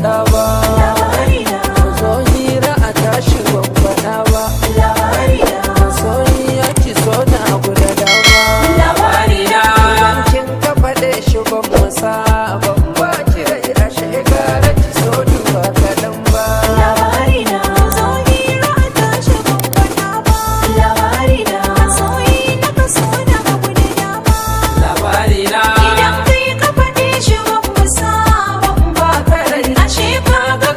now.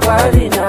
body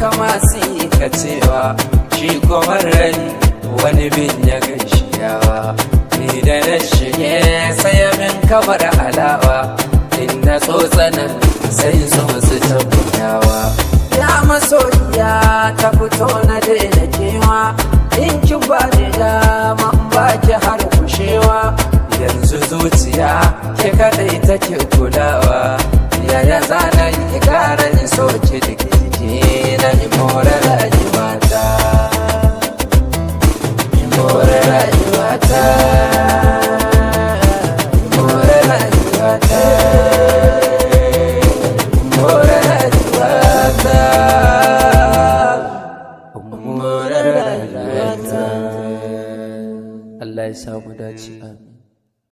kama sai ka cewa shi kwamar rani wani bin ya gaishiyawa ni da na shige saya min kamar alawa in na tsotsanan sai so su tabbayawa ya masoyiya ta fito na daina kewa in ki ba da dama ba ki har kushewa yanzu zuciya ke kadai take kulawa yaya zana yi gara in so ki da sa mu dace